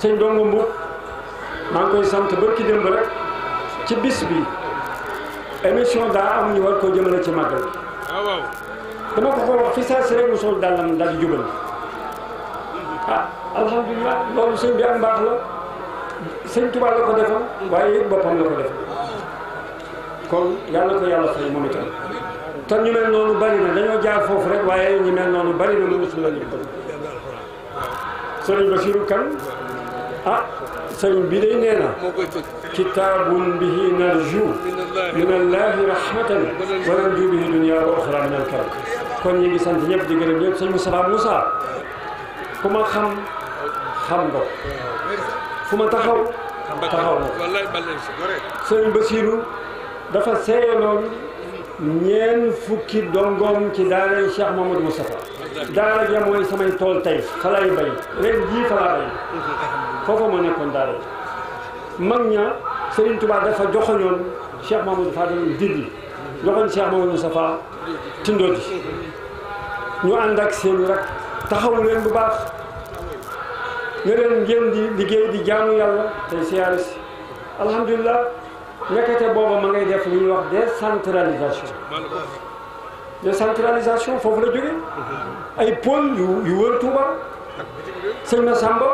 sëñ Dongo Mbuub maa ngi koy sant barki démb rek ci bis bi émission daa am ñu war koo jëmale ci màggal dama ko ko wax fi saa si mu sol dàllam daal di jubal ah alhamdulilah loolu sëñ bi am baax la sëñ Tuubaa la ko defal waaye yëpp boppam la ko defal kon yàlla ko yàlla fay moom itam te ñu mel noonu bari na dañoo jaar foofu rek waaye ñu mel noonu bari na lu musul la ñu bëgg sëriñ Basiru kan ah sëriñ bi day nee na kitaabun bihi narju minallahi rahmatan wa narju bihi dunya wa uxra min alkaram kon ñu ngi sant ñëpp di gërëm ñëpp sëñ Moussa Moussa ku ma xam xam nga fu ma taxaw taxaw na sëriñ Basiiru dafa seeyaloon ñeen fukki dongoom ci daara Cheikh Mamadou Moustapha daara ja mooy samay tool tey fa lay bay ren jii fa laa bay moo <laughs> nekkoon daara mag ña sëriñ Tuubaa dafa joxoñoon Cheikh Mamadou Fadal digli joxoñ Cheikh Mamadou Moustapha tindoo ji ñu ànd ak seen rak taxaw bu baax ñu doon jéem di liggéey di jaamu yàlla tey siyaare si alhamdulilah nekkate booba ma ngay def li ñuy wax décentralisation décentralisation ay pôle yu yu wër Touba sëñ Massamba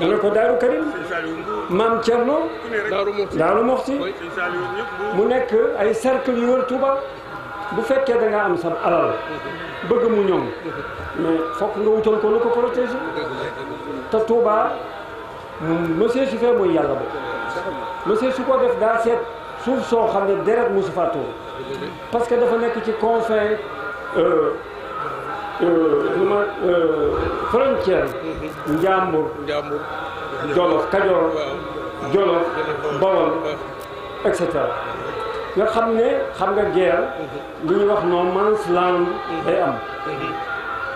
dana ko Daaru Karim maam Thierno Daaru Moxti mu nekk ay cercle yu wër bu fekkee da nga am sa alal bëgg mu ñoom mais fokk nga wutal ko lu ko protéger te Touba monsieur su fee mooy yàlla ba monsieur su ko def daa seet suuf soo xam ne deret mosu faa tuur que dafa nekk ci confin euh, euh, nu euh, ma frontière Njàmbur Jolof Kajoor Jolof Bawol et nga xam ne xam nga guerre mhm. li ñuy wax non man's land mhm. day am mhm.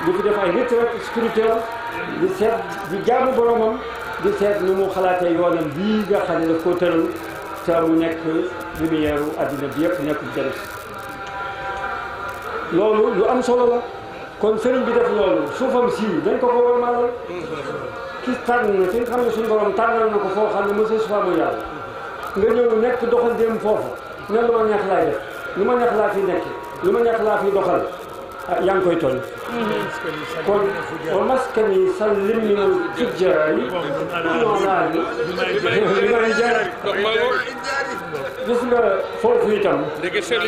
di fi def ay retraite spirituelle di seet di jaamu boromam di seet nu mu xalaatee yoonam bii nga xam ne daf koo te mu nekk lumière addina bi yëpp nekk jëriñ loolu lu am solo la kon sëriñ bi def loolu suufam si dañ ko ko warmaalal ki tànn fi nga xam ne suñu borom tànnal na ko foo xam ne monsieur Soufa mooy yàlla nga ñëw nekk doxal dem foofu ne lu ma neex laay def laa fi nekk lu ma neex laa fi doxal ah, yaa koy toll. ومسكن يسلم من تجاري ونالي بمن جاري gis nga foofu itam sëñ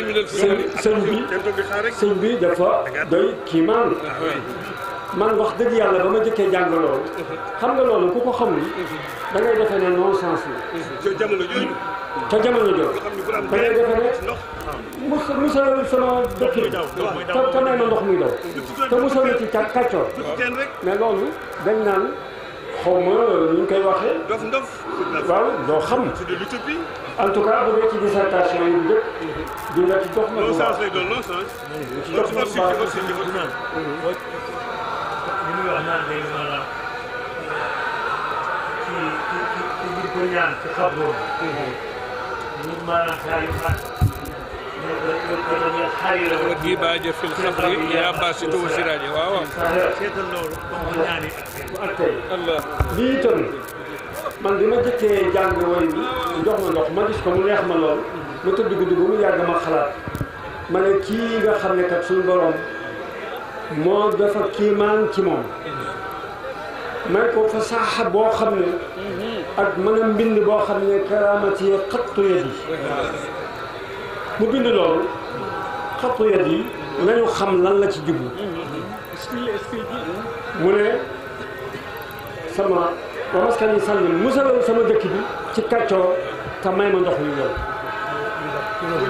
bi sëñ bi dafa doy kiimaan man wax dëgg yàlla ba ma jëkkee jàng loolu xam nga loolu ku ko xamul da ngay defee ne non sens la te jamono jooju da ngay defee ne musa musal sama dëkk yi te te may ma ndox muy daw te musal na mais loolu dañ naan xaw ma nu koy waxee. dof ndof. waaw loo xam. en tout cas bu dee ci dissertation yi lépp. dina ci dox ma. non ركي باجة في الخفر يا باسدو وسراجة واو الله ليتم man bi ma jëkkee jàng woy bi jox ma ndox ma gis ko mu neex ma lool ma tudd guddi bu mu yàgg ma xalaat ma ne kii nga xam ne kat suñu borom moo dafa kiimaan ci moom may ko fa saaxa boo xam ne ak mën a mbind boo xam ne karaamati xattu yadi mu bind loolu xatuyat yi nañu xam lan la ci jublu mu ne sama wa maskani sànni musalal sama dëkk bi ci kàccoo te may ma ndox mi ñëw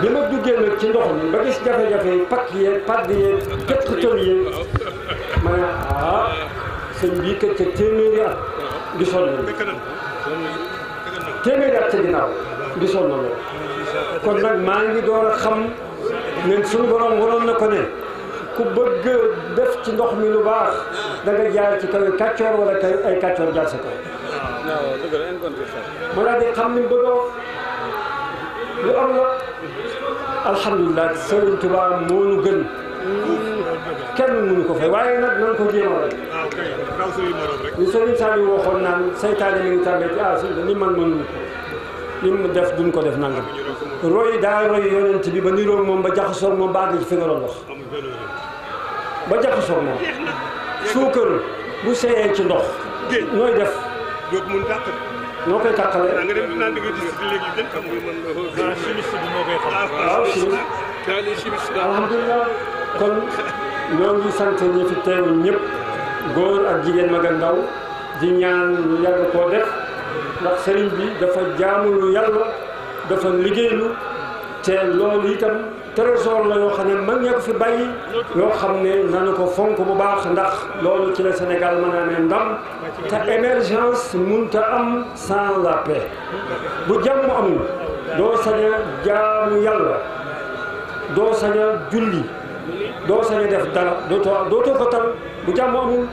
bi ma duggee nag ci ndox mi ba gis jafe-jafe yi pakk yee padd yee këtt tël yee ma ne ah sëñ bii kat ca téeméeri at gisoon nañu téeméeri ca ginnaaw gisoon nañu kon nag maa ngi door a xam ne suñu borom na ko ne ku bëgg def ci ndox mi lu baax da nga jaar ci kaw kàccoor wala ay kàccoor jaar sa kaw. ma di xam ni bëggoo lu am la alhamdulilah Serigne Touba moo nu gën kenn mënu ko fay waaye nag nan ko jéem a rek. li ah, Serigne Saliou waxoon naan saytaane mi ngi tàmbee ci ah si li man mënuñu ko. li mu def duñ ko def nangam roy daal roy yonent bi ba niroog moom ba jaxasoog moom ba àgg ci fi nga doon ba jaxasoog moom suukar bu seeyee ci ndox nooy def noo koy tàqale waaw chimiste ah, ah, alhamdulilah kon ñoo ngi sant ñi fi teew góor ak jigéen mag ak ndaw di ñaan ñu koo def ndax sëriñ bi dafa jaamulu yàlla dafa liggéeylu te loolu itam trésor la yoo xam ne mag ñee ko fi bàyyi yoo xam ne nanu ko fonk bu baax ndax loolu ci la Sénégal mën a amee ndam te émergence munta am sans la bu jàmm amul doo sañ jaamu yàlla doo sañ julli doo sañ def dara doo too ko tal bu jàmm amul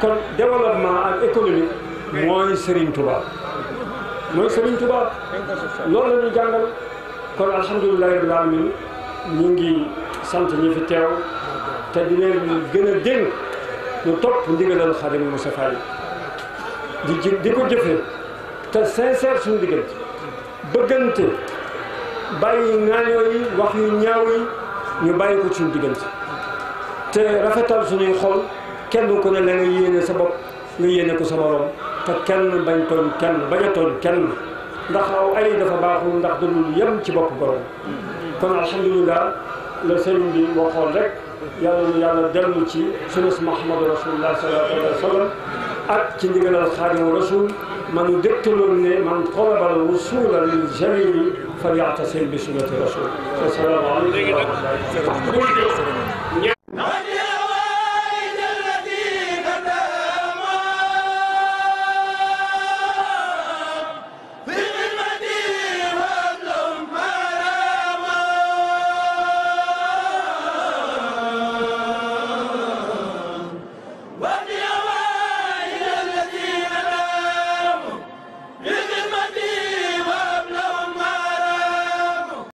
kon développement ak économique mooy Serigne Touba mooy Serigne Touba loolu la jàngal kon alhamdulilahi rabbil alamin ñu ngi sant ñi fi teew te di gën a dénk ñu topp ndigalal Xaadimu Mustafaa yi di di ko jëfee te sincère suñu diggante bëggante bàyyi ŋaañoo yi wax yu ñaaw yi ñu bàyyi ko suñu diggante te rafetal suñuy xol kenn ku ne la nga yéene sa bopp nga yéene ko sa morom te kenn bañ tooñ kenn bañ a tooñ kenn ndax aw ay dafa baaxul ndax du lu yem ci bopp borom kon alhamdulilah la sëriñ bi waxoon rek yàlla nu yàlla dellu ci sunu Muhammadu rasulullah sallallahu alayhi wa sallam ak ci ndigalal xaadimu rasul man dëkkaloon ne man talabal wusula lil jamili fal ya'tasim bi sunnati rasul sallallahu alayhi wa sallam